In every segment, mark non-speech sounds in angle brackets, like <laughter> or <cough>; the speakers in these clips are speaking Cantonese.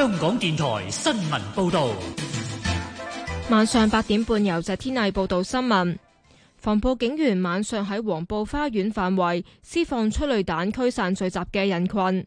香港電台新聞報道，晚上八點半由謝天麗報道新聞。防暴警員晚上喺黃埔花園範圍施放催淚彈驅散聚集嘅人群。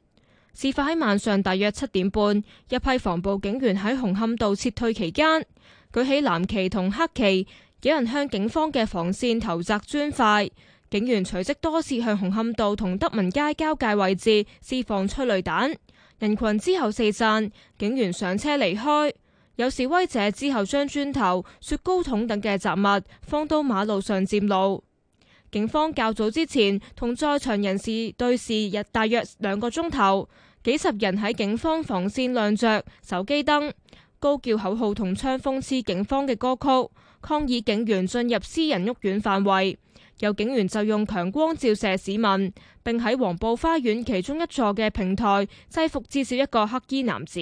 事發喺晚上大約七點半，一批防暴警員喺紅磡道撤退期間，舉起藍旗同黑旗，有人向警方嘅防線投擲磚塊。警員隨即多次向紅磡道同德民街交界位置施放催淚彈。人群之後四散，警員上車離開。有示威者之後將磚頭、雪糕筒等嘅雜物放到馬路上佔路。警方較早之前同在場人士對峙，日大約兩個鐘頭，幾十人喺警方防線亮着手機燈，高叫口號同唱諷刺警方嘅歌曲，抗議警員進入私人屋苑範圍。有警員就用強光照射市民，并喺黃埔花園其中一座嘅平台制服至少一個黑衣男子。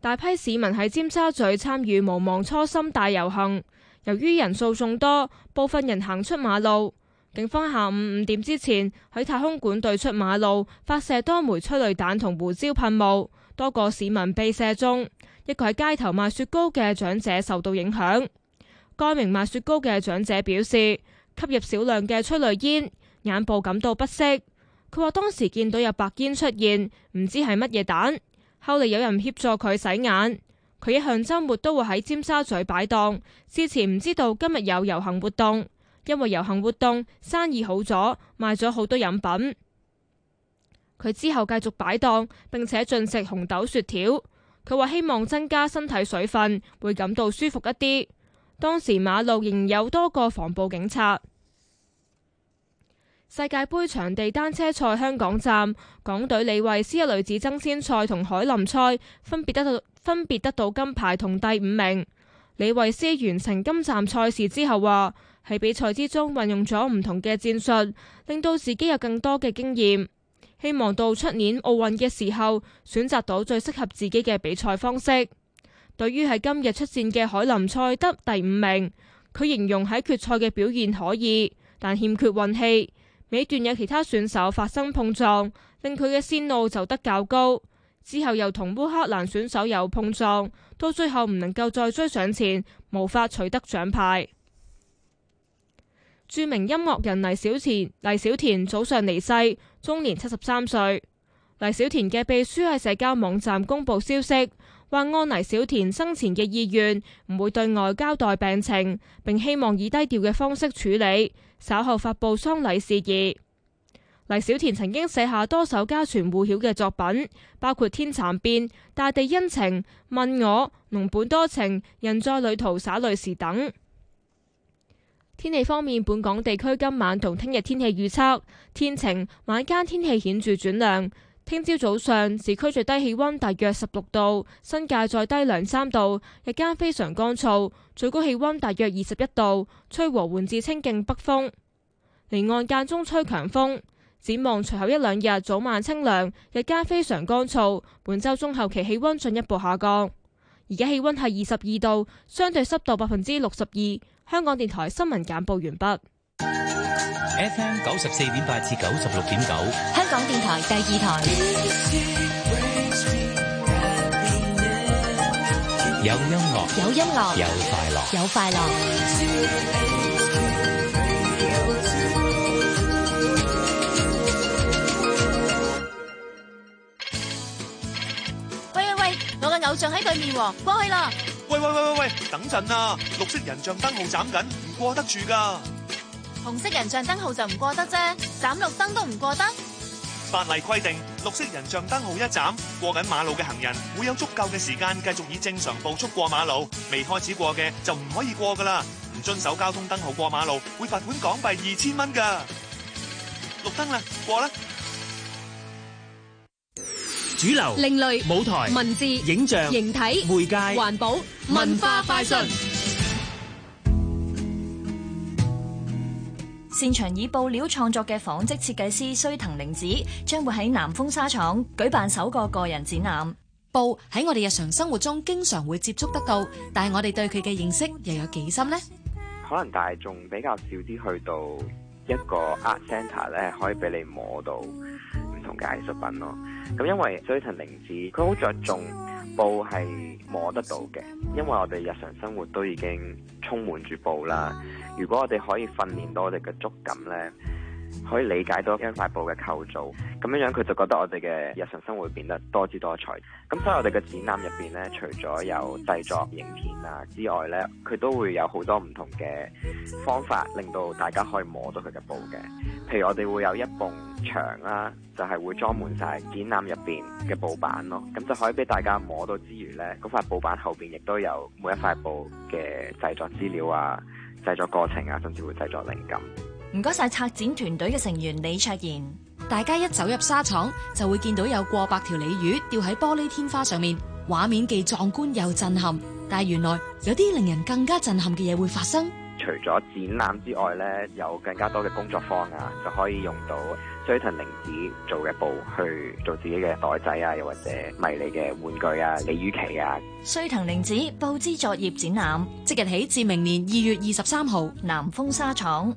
大批市民喺尖沙咀參與無忘初心大遊行，由於人數眾多，部分人行出馬路。警方下午五點之前喺太空館對出馬路發射多枚催淚彈同胡椒噴霧，多個市民被射中，一個喺街頭賣雪糕嘅長者受到影響。該名賣雪糕嘅長者表示，吸入少量嘅催淚煙，眼部感到不適。佢話當時見到有白煙出現，唔知係乜嘢蛋。後嚟有人協助佢洗眼。佢一向周末都會喺尖沙咀擺檔，之前唔知道今日有遊行活動，因為遊行活動生意好咗，賣咗好多飲品。佢之後繼續擺檔，並且進食紅豆雪條。佢話希望增加身體水分，會感到舒服一啲。當時馬路仍有多個防暴警察。世界杯場地單車賽香港站，港隊李慧詩女子爭先賽同凱林賽分別得到分別得到金牌同第五名。李慧詩完成今站賽事之後話：喺比賽之中運用咗唔同嘅戰術，令到自己有更多嘅經驗，希望到出年奧運嘅時候選擇到最適合自己嘅比賽方式。對於喺今日出戰嘅海林賽得第五名，佢形容喺決賽嘅表現可以，但欠缺運氣。尾段有其他選手發生碰撞，令佢嘅線路走得較高。之後又同烏克蘭選手有碰撞，到最後唔能夠再追上前，無法取得獎牌。著名音樂人黎小田黎小田早上離世，終年七十三歲。黎小田嘅秘書喺社交網站公布消息。話按黎小田生前嘅意願唔會對外交代病情，並希望以低調嘅方式處理，稍後發布喪禮事宜。黎小田曾經寫下多首家傳戶曉嘅作品，包括《天蠶變》、《大地恩情》、《問我》、《儂本多情》、《人在旅途灑淚時》等。天氣方面，本港地區今晚同聽日天氣預測天晴，晚間天氣顯著轉涼。聽朝早，早上，市區最低氣溫大約十六度，新界再低兩三度，日間非常乾燥，最高氣溫大約二十一度，吹和緩至清勁北風，離岸間中吹強風。展望隨後一兩日早晚清涼，日間非常乾燥，本週中後期氣溫進一步下降。而家氣溫係二十二度，相對濕度百分之六十二。香港電台新聞簡報完畢。FM 九十四點八至九十六點九，香港電台第二台。有音樂，有音樂，有快樂，有快樂。喂喂喂，我嘅偶像喺對面，過去啦！喂喂喂喂喂，等陣啊！綠色人像燈號斬緊，唔過得住㗎。紅色人像燈號就唔過得啫，斬綠燈都唔過得。法例規定，綠色人像燈號一斬，過緊馬路嘅行人會有足夠嘅時間繼續以正常步速過馬路，未開始過嘅就唔可以過噶啦。唔遵守交通燈號過馬路會罰款港幣二千蚊噶。綠燈啦，過啦。主流、另類、舞台、文字、影像、形體、媒介、環保、文化快訊。擅長以布料創作嘅紡織設計師須藤玲子，將會喺南豐紗廠舉辦首個個人展覽。布喺我哋日常生活中經常會接觸得到，但係我哋對佢嘅認識又有幾深呢？可能大眾比較少啲去到一個 art center 咧，可以俾你摸到唔同嘅藝術品咯。咁因為須藤玲子佢好着重。布係摸得到嘅，因為我哋日常生活都已經充滿住布啦。如果我哋可以訓練到我哋嘅觸感呢，可以理解到一塊布嘅構造，咁樣樣佢就覺得我哋嘅日常生活變得多姿多彩。咁、嗯、所以我哋嘅展覽入邊呢，除咗有製作影片啊之外呢，佢都會有好多唔同嘅方法，令到大家可以摸到佢嘅布嘅。譬如我哋會有一部。牆啦、啊，就係、是、會裝滿晒展覽入邊嘅布板咯，咁就可以俾大家摸到之餘呢，嗰塊布板後邊亦都有每一塊布嘅製作資料啊、製作過程啊，甚至會製作靈感。唔該晒策展團隊嘅成員李卓賢。大家一走入沙廠，就會見到有過百條鯉魚吊喺玻璃天花上面，畫面既壯觀又震撼。但係原來有啲令人更加震撼嘅嘢會發生。除咗展覽之外咧，有更加多嘅工作坊啊，就可以用到須藤玲子做嘅布去做自己嘅袋仔啊，又或者迷你嘅玩具啊、鯉魚旗啊。須藤玲子布之作業展覽，即日起至明年二月二十三號，南風沙廠。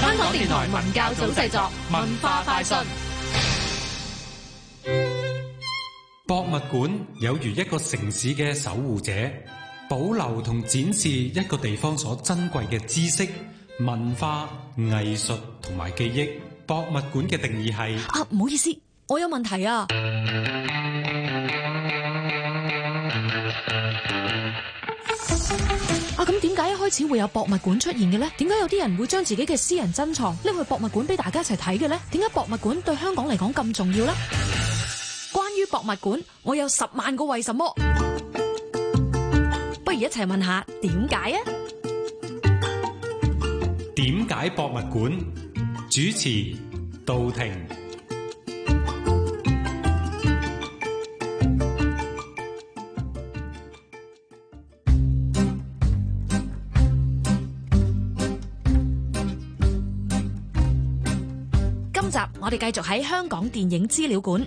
香港電台文教組製作 <noise> 文化快訊。博物館有如一個城市嘅守護者。保留同展示一個地方所珍貴嘅知識、文化、藝術同埋記憶，博物館嘅定義係……啊，唔好意思，我有問題啊。啊，咁點解一開始會有博物館出現嘅呢？點解有啲人會將自己嘅私人珍藏，拎去博物館俾大家一齊睇嘅呢？點解博物館對香港嚟講咁重要呢？關於博物館，我有十萬個為什麼。一齊問下點解啊？點解博物館主持杜婷？今集我哋繼續喺香港電影資料館。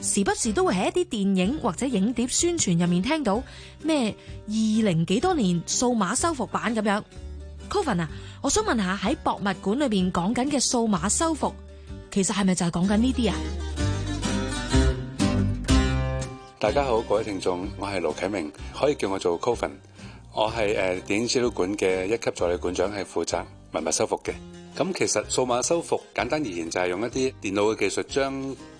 時不時都會喺一啲電影或者影碟宣傳入面聽到咩二零幾多年數碼修復版咁樣 Coven 啊，我想問下喺博物館裏邊講緊嘅數碼修復，其實係咪就係講緊呢啲啊？大家好，各位聽眾，我係盧啟明，可以叫我做 Coven。我係誒電影資料館嘅一級助理館長，係負責文物，物修復嘅。咁其實數碼修復簡單而言就係、是、用一啲電腦嘅技術將。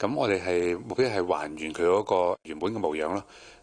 咁我哋係目標係還原佢嗰個原本嘅模樣咯。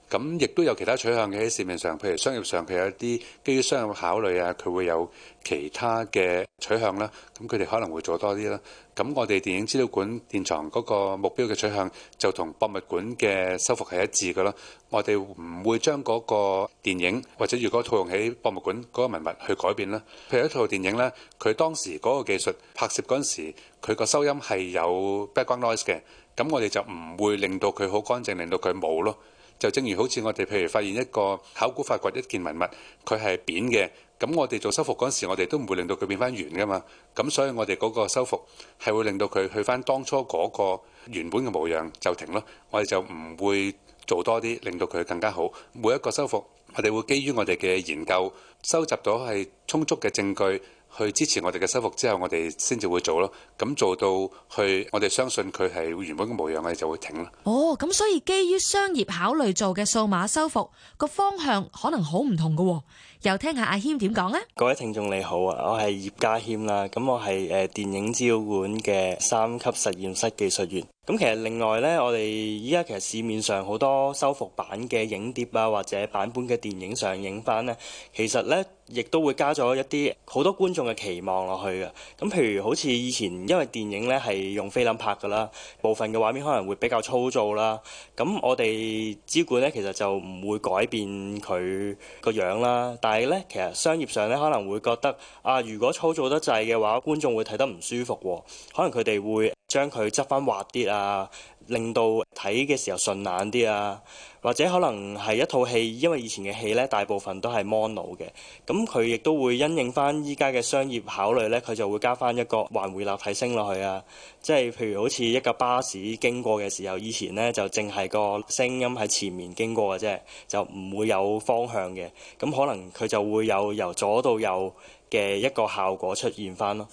咁亦都有其他取向嘅喺市面上，譬如商業上，譬如一啲基於商業考慮啊，佢會有其他嘅取向啦。咁佢哋可能會做多啲啦。咁我哋電影資料館電藏嗰個目標嘅取向就同博物館嘅修復係一致嘅咯。我哋唔會將嗰個電影或者如果套用喺博物館嗰個文物去改變啦。譬如一套電影呢，佢當時嗰個技術拍攝嗰陣時，佢個收音係有 background noise 嘅。咁我哋就唔會令到佢好乾淨，令到佢冇咯。就正如好似我哋，譬如發現一個考古發掘一件文物，佢係扁嘅。咁我哋做修復嗰陣時，我哋都唔會令到佢變返圓㗎嘛。咁所以我哋嗰個修復係會令到佢去返當初嗰個原本嘅模樣，就停咯。我哋就唔會做多啲，令到佢更加好。每一個修復，我哋會基於我哋嘅研究，收集到係充足嘅證據。去支持我哋嘅修復之後，我哋先至會做咯。咁做到去，我哋相信佢係原本嘅模樣，我哋就會停咯。哦，咁所以基於商業考慮做嘅數碼修復個方向可能好唔同嘅，哦。又聽下阿謙點講呢？各位聽眾你好啊，我係葉家謙啦。咁我係誒電影資料館嘅三級實驗室技術員。咁其實另外呢，我哋依家其實市面上好多修復版嘅影碟啊，或者版本嘅電影上映返呢，其實呢亦都會加咗一啲好多觀眾嘅期望落去嘅。咁譬如好似以前，因為電影呢係用菲林拍㗎啦，部分嘅畫面可能會比較粗糙啦。咁我哋資料館呢，其實就唔會改變佢個樣啦。但係咧，其實商業上咧可能會覺得啊，如果操作得滯嘅話，觀眾會睇得唔舒服喎。哦，可能佢哋會將佢執返滑啲啊。令到睇嘅時候順眼啲啊，或者可能係一套戲，因為以前嘅戲呢大部分都係 mono 嘅，咁佢亦都會因應翻依家嘅商業考慮呢，佢就會加翻一個環迴立體聲落去啊。即係譬如好似一架巴士經過嘅時候，以前呢就淨係個聲音喺前面經過嘅啫，就唔會有方向嘅。咁可能佢就會有由左到右嘅一個效果出現翻咯。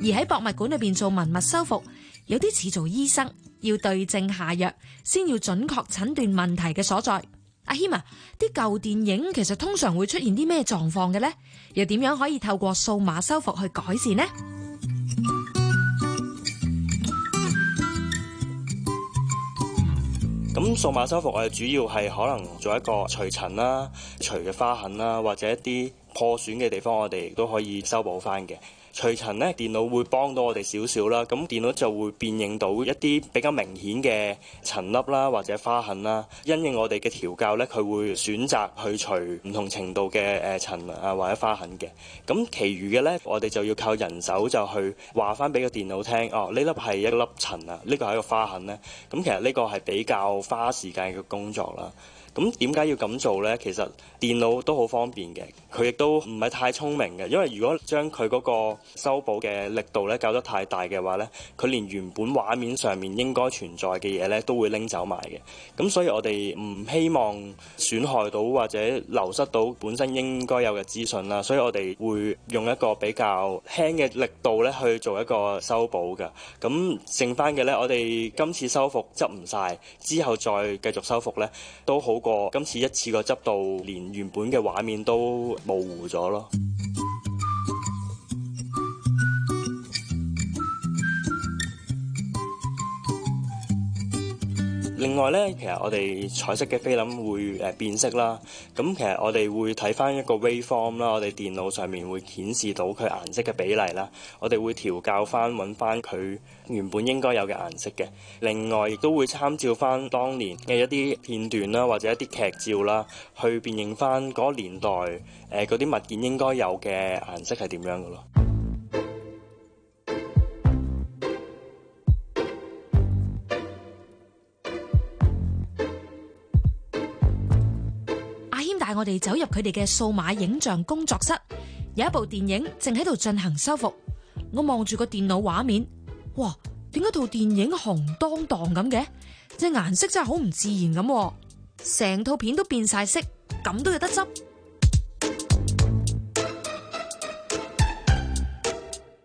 而喺博物館裏邊做文物修復，有啲似做醫生，要對症下藥，先要準確診斷問題嘅所在。阿希文，啲舊電影其實通常會出現啲咩狀況嘅呢？又點樣可以透過數碼修復去改善呢？咁數碼修復我哋主要係可能做一個除塵啦、除嘅花痕啦，或者一啲破損嘅地方，我哋亦都可以修補翻嘅。除塵呢，電腦會幫到我哋少少啦。咁電腦就會辨認到一啲比較明顯嘅塵粒啦，或者花痕啦。因應我哋嘅調教呢，佢會選擇去除唔同程度嘅誒塵啊，或者花痕嘅。咁，其餘嘅呢，我哋就要靠人手就去話翻俾個電腦聽。哦，呢粒係一粒塵啊，呢個係一個花痕呢。咁其實呢個係比較花時間嘅工作啦。咁點解要咁做呢？其實電腦都好方便嘅，佢亦都唔係太聰明嘅。因為如果將佢嗰個修補嘅力度咧搞得太大嘅話呢，佢連原本畫面上面應該存在嘅嘢咧都會拎走埋嘅。咁所以我哋唔希望損害到或者流失到本身應該有嘅資訊啦。所以我哋會用一個比較輕嘅力度咧去做一個修補嘅。咁剩翻嘅呢，我哋今次修復執唔晒，之後再繼續修復呢，都好過。今次一次過執到，連原本嘅畫面都模糊咗咯。另外呢，其實我哋彩色嘅菲林會誒變色啦。咁其實我哋會睇翻一個 waveform 啦，我哋電腦上面會顯示到佢顏色嘅比例啦。我哋會調校翻揾翻佢原本應該有嘅顏色嘅。另外亦都會參照翻當年嘅一啲片段啦，或者一啲劇照啦，去辨認翻嗰年代誒嗰啲物件應該有嘅顏色係點樣嘅咯。帶我哋走入佢哋嘅數碼影像工作室，有一部電影正喺度進行修復。我望住個電腦畫面，哇！點解套電影紅當當咁嘅？隻顏色真係好唔自然咁，成套片都變晒色，咁都有得執？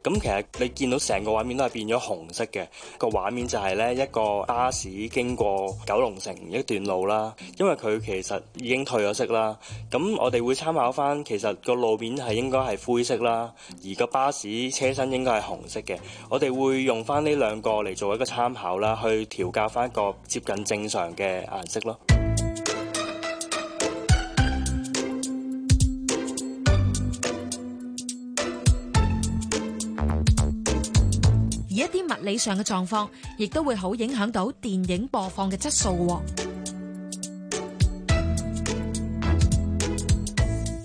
咁其實你見到成個畫面都係變咗紅色嘅。個畫面就係呢一個巴士經過九龍城一段路啦，因為佢其實已經退咗色啦。咁我哋會參考翻，其實個路面係應該係灰色啦，而個巴士車身應該係紅色嘅。我哋會用翻呢兩個嚟做一個參考啦，去調校翻一個接近正常嘅顏色咯。而一啲物理上嘅狀況亦都會好影響到電影播放嘅質素。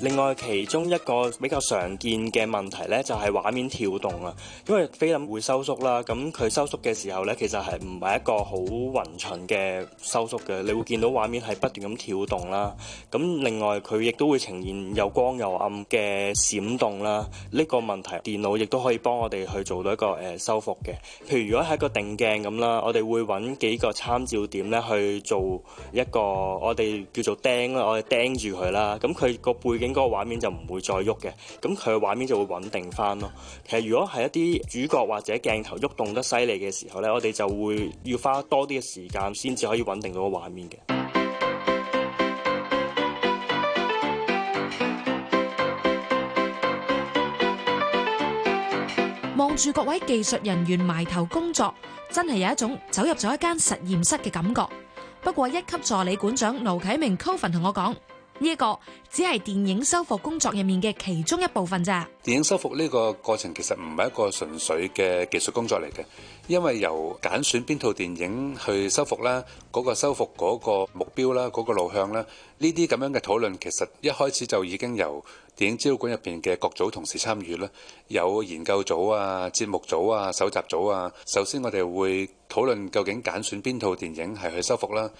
另外，其中一個比較常見嘅問題咧，就係畫面跳動啊，因為菲林會收縮啦，咁佢收縮嘅時候咧，其實係唔係一個好均勻嘅收縮嘅，你會見到畫面係不斷咁跳動啦。咁另外，佢亦都會呈現又光又暗嘅閃動啦。呢個問題，電腦亦都可以幫我哋去做到一個誒修復嘅。譬如如果係一個定鏡咁啦，我哋會揾幾個參照點咧去做一個我哋叫做釘啦，我哋釘住佢啦。咁佢個背景。嗰個畫面就唔會再喐嘅，咁佢嘅畫面就會穩定翻咯。其實如果係一啲主角或者鏡頭喐動得犀利嘅時候，呢我哋就會要花多啲嘅時間先至可以穩定到個畫面嘅。望住各位技術人員埋頭工作，真係有一種走入咗一間實驗室嘅感覺。不過一級助理館長盧啟明 Coven 同我講。呢一個只係電影修復工作入面嘅其中一部分咋？電影修復呢個過程其實唔係一個純粹嘅技術工作嚟嘅，因為由揀選邊套電影去修復啦，嗰個修復嗰個目標啦，嗰個路向啦，呢啲咁樣嘅討論，其實一開始就已經由電影資料館入邊嘅各組同事參與啦，有研究組啊、節目組啊、搜集組啊，首先我哋會討論究竟揀選邊套電影係去修復啦。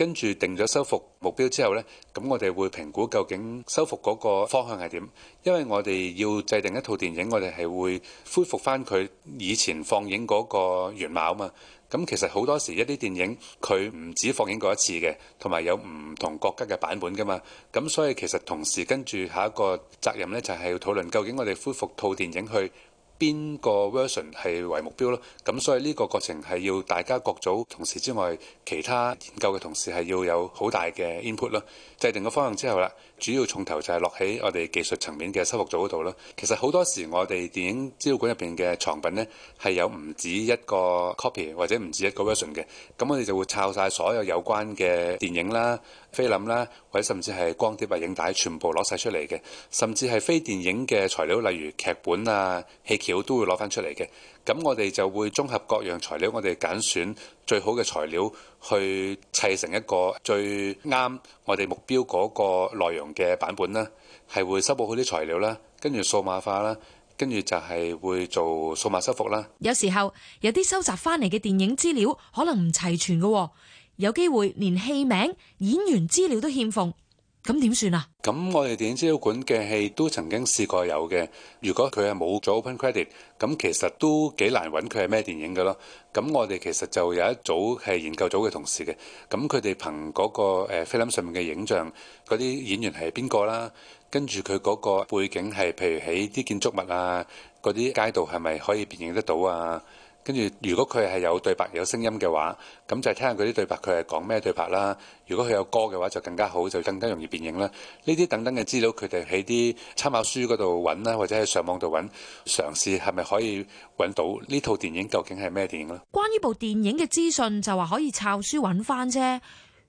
跟住定咗修復目標之後呢，咁我哋會評估究竟修復嗰個方向係點？因為我哋要制定一套電影，我哋係會恢復返佢以前放映嗰個原貌嘛。咁、嗯、其實好多時一啲電影佢唔止放映過一次嘅，同埋有唔同國家嘅版本㗎嘛。咁、嗯、所以其實同時跟住下一個責任呢，就係、是、要討論究竟我哋恢復套電影去邊個 version 係為目標咯？咁所以呢個過程係要大家各組同事之外，其他研究嘅同事係要有好大嘅 input 咯。制定個方向之後啦。主要重頭就係落喺我哋技術層面嘅收復組嗰度咯。其實好多時我哋電影資料攬入邊嘅藏品呢，係有唔止一個 copy 或者唔止一個 version 嘅。咁我哋就會抄晒所有有關嘅電影啦、菲林啦，或者甚至係光碟或影帶，全部攞晒出嚟嘅。甚至係非電影嘅材料，例如劇本啊、戲橋，都會攞翻出嚟嘅。咁我哋就會綜合各樣材料，我哋揀選最好嘅材料去砌成一個最啱我哋目標嗰個內容嘅版本啦。係會修補好啲材料啦，跟住數碼化啦，跟住就係會做數碼修復啦。有時候有啲收集翻嚟嘅電影資料可能唔齊全嘅，有機會連戲名、演員資料都欠奉。咁點算啊？咁我哋電影資料館嘅戲都曾經試過有嘅。如果佢係冇咗 open credit，咁其實都幾難揾佢係咩電影㗎囉。咁我哋其實就有一組係研究組嘅同事嘅。咁佢哋憑嗰個誒 film 上面嘅影像，嗰啲演員係邊個啦？跟住佢嗰個背景係譬如喺啲建築物啊、嗰啲街道係咪可以辨認得到啊？跟住，如果佢係有對白、有聲音嘅話，咁就係聽下佢啲對白，佢係講咩對白啦。如果佢有歌嘅話，就更加好，就更加容易辨認啦。呢啲等等嘅資料，佢哋喺啲參考書嗰度揾啦，或者喺上網度揾，嘗試係咪可以揾到呢套電影究竟係咩電影咧？關於部電影嘅資訊，就話可以抄書揾翻啫。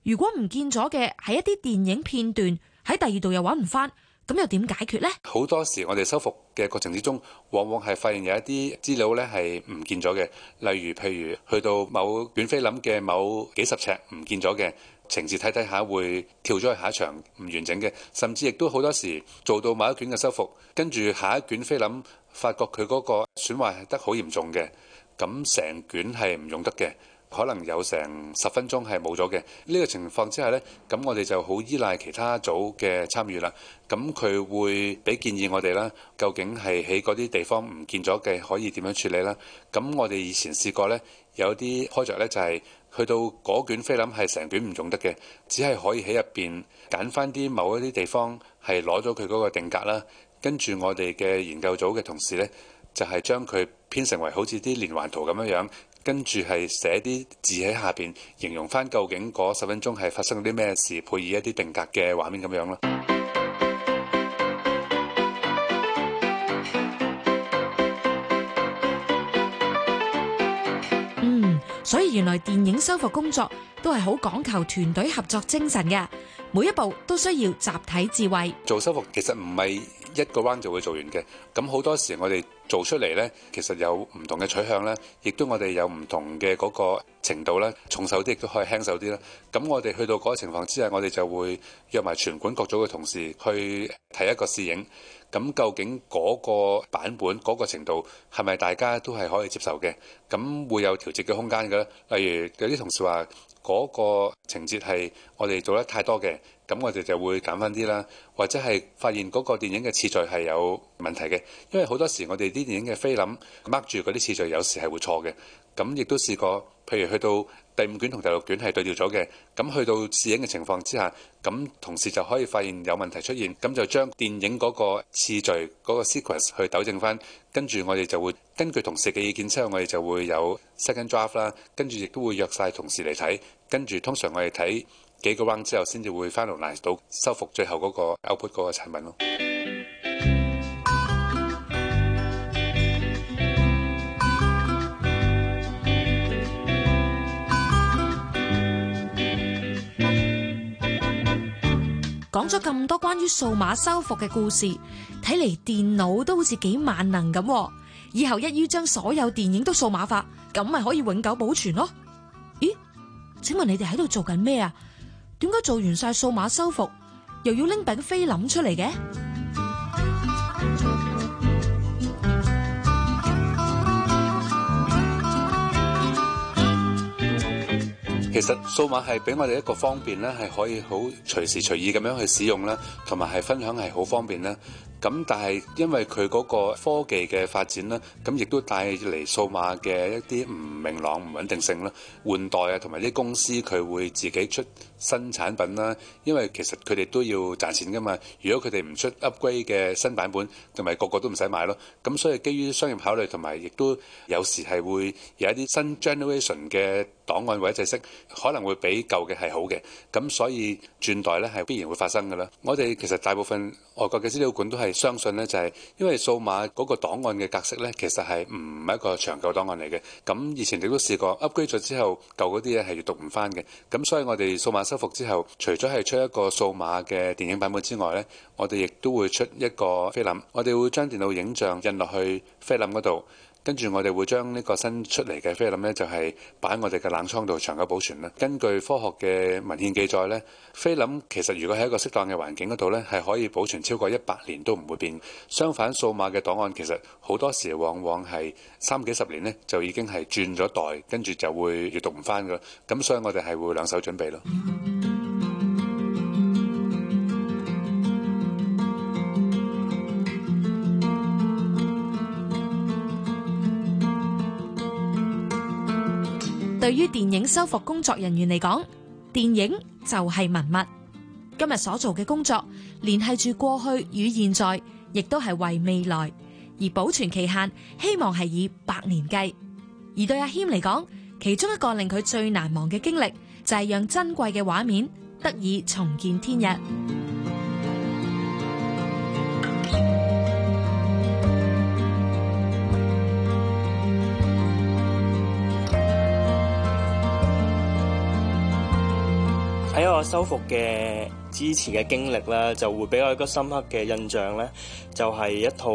如果唔見咗嘅係一啲電影片段，喺第二度又揾唔翻。咁又點解決呢？好多時我哋修復嘅過程之中，往往係發現有一啲資料呢係唔見咗嘅，例如譬如去到某卷菲林嘅某幾十尺唔見咗嘅，情節睇睇下會跳咗去下一場唔完整嘅，甚至亦都好多時做到某一卷嘅修復，跟住下一卷菲林，發覺佢嗰個損壞得好嚴重嘅，咁成卷係唔用得嘅。可能有成十分鐘係冇咗嘅，呢個情況之下呢，咁我哋就好依賴其他組嘅參與啦。咁佢會俾建議我哋啦，究竟係喺嗰啲地方唔見咗嘅，可以點樣處理啦？咁我哋以前試過呢，有啲 project 咧就係、是、去到嗰卷菲林係成卷唔用得嘅，只係可以喺入邊揀翻啲某一啲地方係攞咗佢嗰個定格啦。跟住我哋嘅研究組嘅同事呢，就係將佢編成為好似啲連環圖咁樣樣。跟住係寫啲字喺下邊，形容翻究竟嗰十分鐘係發生啲咩事，配以一啲定格嘅畫面咁樣咯。嗯，所以原來電影修復工作都係好講求團隊合作精神嘅，每一步都需要集體智慧。做修復其實唔係一個彎就會做完嘅，咁好多時我哋做出嚟咧，其實有唔同嘅取向咧，亦都我哋有唔同嘅嗰個程度咧，重手啲亦都可以輕手啲啦。咁我哋去到嗰個情況之下，我哋就會約埋全館各組嘅同事去睇一個試影，咁究竟嗰個版本嗰個程度係咪大家都係可以接受嘅？咁會有調節嘅空間嘅咧。例如有啲同事話嗰個情節係我哋做得太多嘅。咁我哋就會揀翻啲啦，或者係發現嗰個電影嘅次序係有問題嘅，因為好多時我哋啲電影嘅菲林 mark 住嗰啲次序，有時係會錯嘅。咁亦都試過，譬如去到第五卷同第六卷係對調咗嘅，咁去到試影嘅情況之下，咁同事就可以發現有問題出現，咁就將電影嗰個次序、嗰個 sequence 去糾正翻。跟住我哋就會根據同事嘅意見之後，我哋就會有 second draft 啦。跟住亦都會約晒同事嚟睇。跟住通常我哋睇。幾個彎之後，先至會翻到嚟到修復最後嗰個 output 嗰個產品咯。講咗咁多關於數碼修復嘅故事，睇嚟電腦都好似幾萬能咁。以後一於將所有電影都數碼化，咁咪可以永久保存咯？咦？請問你哋喺度做緊咩啊？點解做完晒數碼修復，又要拎餅菲林出嚟嘅？其實數碼係俾我哋一個方便咧，係可以好隨時隨意咁樣去使用啦，同埋係分享係好方便啦。咁但係因為佢嗰個科技嘅發展啦、啊，咁亦都帶嚟數碼嘅一啲唔明朗、唔穩定性啦、啊。換代啊，同埋啲公司佢會自己出新產品啦、啊。因為其實佢哋都要賺錢噶嘛。如果佢哋唔出 Upgrade 嘅新版本，同埋個個都唔使買咯。咁所以基於商業考慮同埋亦都有時係會有一啲新 Generation 嘅檔案或者制式，可能會比舊嘅係好嘅。咁所以轉代咧係必然會發生噶啦。我哋其實大部分外國嘅資料館都係。相信呢就係因為數碼嗰個檔案嘅格式呢，其實係唔係一個長久檔案嚟嘅。咁以前你都試過 upgrade 咗之後，舊嗰啲呢係讀唔翻嘅。咁所以我哋數碼修復之後，除咗係出一個數碼嘅電影版本之外呢，我哋亦都會出一個菲林。我哋會將電腦影像印落去菲林嗰度。跟住我哋會將呢個新出嚟嘅菲林呢，就係擺喺我哋嘅冷倉度長久保存啦。根據科學嘅文獻記載呢，菲林其實如果喺一個適當嘅環境嗰度呢，係可以保存超過一百年都唔會變。相反，數碼嘅檔案其實好多時往往係三幾十年呢，就已經係轉咗代，跟住就會閱讀唔翻㗎。咁所以我哋係會兩手準備咯。對於電影修復工作人員嚟講，電影就係文物。今日所做嘅工作，聯繫住過去與現在，亦都係為未來，而保存期限，希望係以百年計。而對阿謙嚟講，其中一個令佢最難忘嘅經歷，就係讓珍貴嘅畫面得以重見天日。修復嘅支持嘅經歷啦，就會畀我一個深刻嘅印象呢，就係、是、一套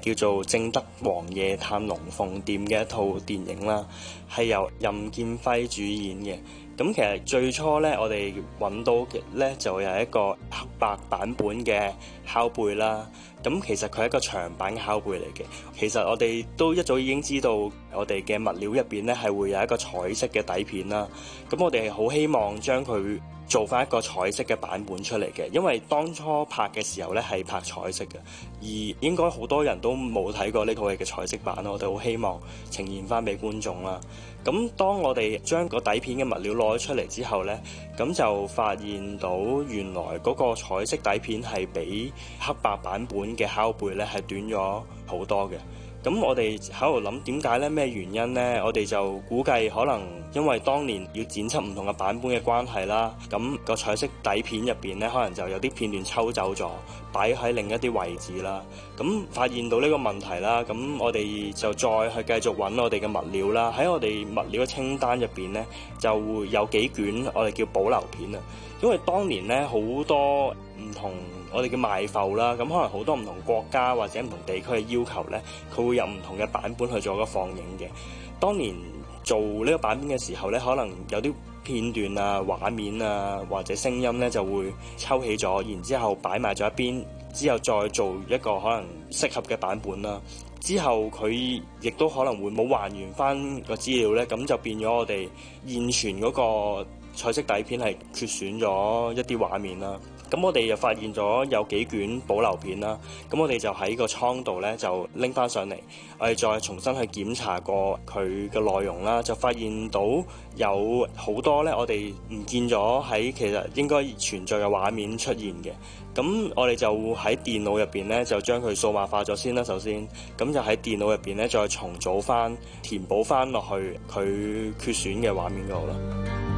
叫做《正德皇夜探龍鳳店》嘅一套電影啦，係由任劍輝主演嘅。咁其實最初呢，我哋揾到嘅呢，就係一個黑白版本嘅。拷貝啦，咁其實，佢係一個長版嘅拷貝嚟嘅。其實，我哋都一早已經知道，我哋嘅物料入邊咧係會有一個彩色嘅底片啦。咁我哋係好希望將佢做翻一個彩色嘅版本出嚟嘅，因為當初拍嘅時候咧係拍彩色嘅，而應該好多人都冇睇過呢套戲嘅彩色版。我哋好希望呈現翻俾觀眾啦。咁當我哋將個底片嘅物料攞出嚟之後咧，咁就發現到原來嗰個彩色底片係俾。黑白版本嘅拷貝咧，係短咗好多嘅。咁我哋喺度諗點解咧？咩原因呢？我哋就估計可能因為當年要剪輯唔同嘅版本嘅關係啦。咁個彩色底片入邊咧，可能就有啲片段抽走咗，擺喺另一啲位置啦。咁發現到呢個問題啦，咁我哋就再去繼續揾我哋嘅物料啦。喺我哋物料嘅清單入邊呢，就會有幾卷我哋叫保留片啊。因為當年呢，好多唔同。我哋嘅賣埠啦，咁可能好多唔同國家或者唔同地區嘅要求呢，佢會有唔同嘅版本去做個放映嘅。當年做呢個版本嘅時候呢，可能有啲片段啊、畫面啊或者聲音呢就會抽起咗，然之後擺埋咗一邊，之後再做一個可能適合嘅版本啦。之後佢亦都可能會冇還原翻個資料呢，咁就變咗我哋現存嗰個彩色底片係缺損咗一啲畫面啦。咁我哋就發現咗有幾卷保留片啦，咁我哋就喺個倉度咧就拎翻上嚟，我哋再重新去檢查過佢嘅內容啦，就發現到有好多咧我哋唔見咗喺其實應該存在嘅畫面出現嘅，咁我哋就喺電腦入邊咧就將佢數碼化咗先啦，首先，咁就喺電腦入邊咧再重組翻、填補翻落去佢缺損嘅畫面度喇。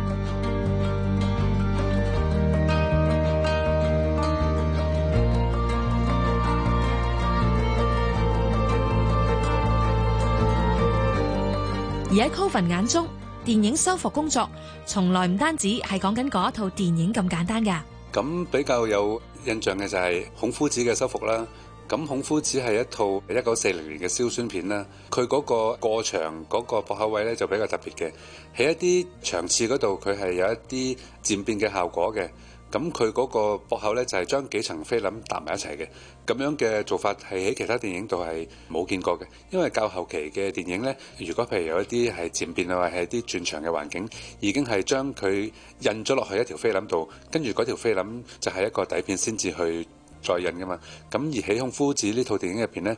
而喺 Covent 眼中，電影修復工作從來唔單止係講緊嗰一套電影咁簡單㗎。咁比較有印象嘅就係《孔夫子》嘅修復啦。咁《孔夫子》係一套一九四零年嘅硝酸片啦。佢嗰個過場嗰個駁口位咧就比較特別嘅，喺一啲場次嗰度佢係有一啲漸變嘅效果嘅。咁佢嗰個膊口咧就係將幾層菲林搭埋一齊嘅，咁樣嘅做法係喺其他電影度係冇見過嘅。因為較後期嘅電影咧，如果譬如有一啲係漸變啊，或係啲轉場嘅環境，已經係將佢印咗落去一條菲林度，跟住嗰條菲林就係一個底片先至去再印噶嘛。咁而喜《孔夫子》呢套電影入邊咧，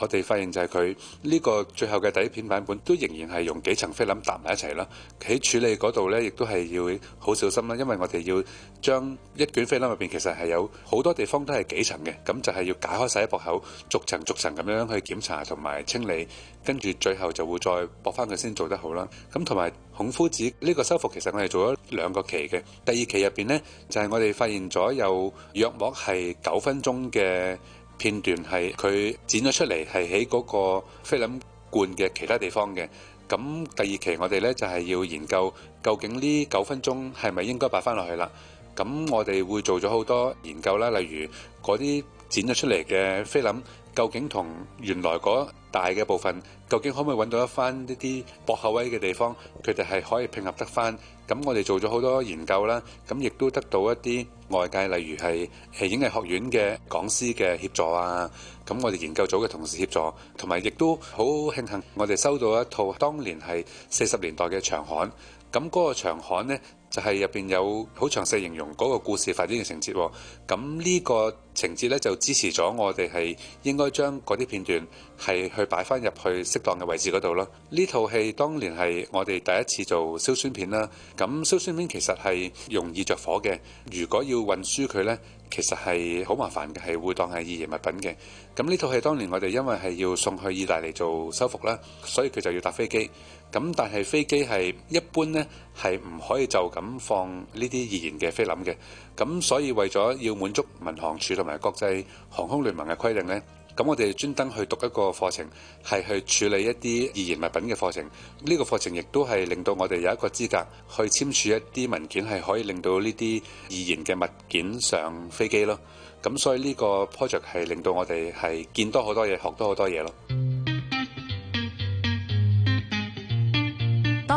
我哋發現就係佢呢個最後嘅底片版本，都仍然係用幾層菲林搭埋一齊啦。喺處理嗰度咧，亦都係要好小心啦，因為我哋要將一卷菲林入邊其實係有好多地方都係幾層嘅，咁就係要解開曬啲駁口，逐層逐層咁樣去檢查同埋清理，跟住最後就會再駁翻佢先做得好啦。咁同埋孔夫子呢個修復其實我哋做咗兩個期嘅，第二期入邊咧就係我哋發現咗有約莫係九分鐘嘅。片段係佢剪咗出嚟，係喺嗰個菲林罐嘅其他地方嘅。咁第二期我哋呢，就係要研究究竟呢九分鐘係咪應該擺翻落去啦？咁我哋會做咗好多研究啦，例如嗰啲剪咗出嚟嘅菲林，究竟同原來嗰大嘅部分究竟可唔可以揾到一翻呢啲薄厚位嘅地方？佢哋係可以拼合得翻。咁我哋做咗好多研究啦，咁亦都得到一啲外界，例如係係演藝學院嘅講師嘅協助啊。咁我哋研究組嘅同事協助，同埋亦都好慶幸，我哋收到一套當年係四十年代嘅長刊。咁嗰個長刊咧。就係入邊有好詳細形容嗰個故事發展嘅情節喎、哦，咁呢個情節呢，就支持咗我哋係應該將嗰啲片段係去擺翻入去適當嘅位置嗰度咯。呢套戲當年係我哋第一次做硝酸片啦，咁硝酸片其實係容易着火嘅，如果要運輸佢呢，其實係好麻煩嘅，係會當係易燃物品嘅。咁呢套戲當年我哋因為係要送去意大利做修復啦，所以佢就要搭飛機。咁但係飛機係一般呢，係唔可以就咁放呢啲易燃嘅菲林嘅。咁所以為咗要滿足民航處同埋國際航空聯盟嘅規定呢，咁我哋專登去讀一個課程，係去處理一啲易燃物品嘅課程。呢個課程亦都係令到我哋有一個資格去簽署一啲文件，係可以令到呢啲易燃嘅物件上飛機咯。咁所以呢個 project 係令到我哋係見多好多嘢，學多好多嘢咯。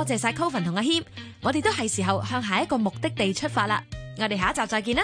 多謝晒 Coven 同阿謙，我哋都係時候向下一個目的地出發啦！我哋下一集再見啦。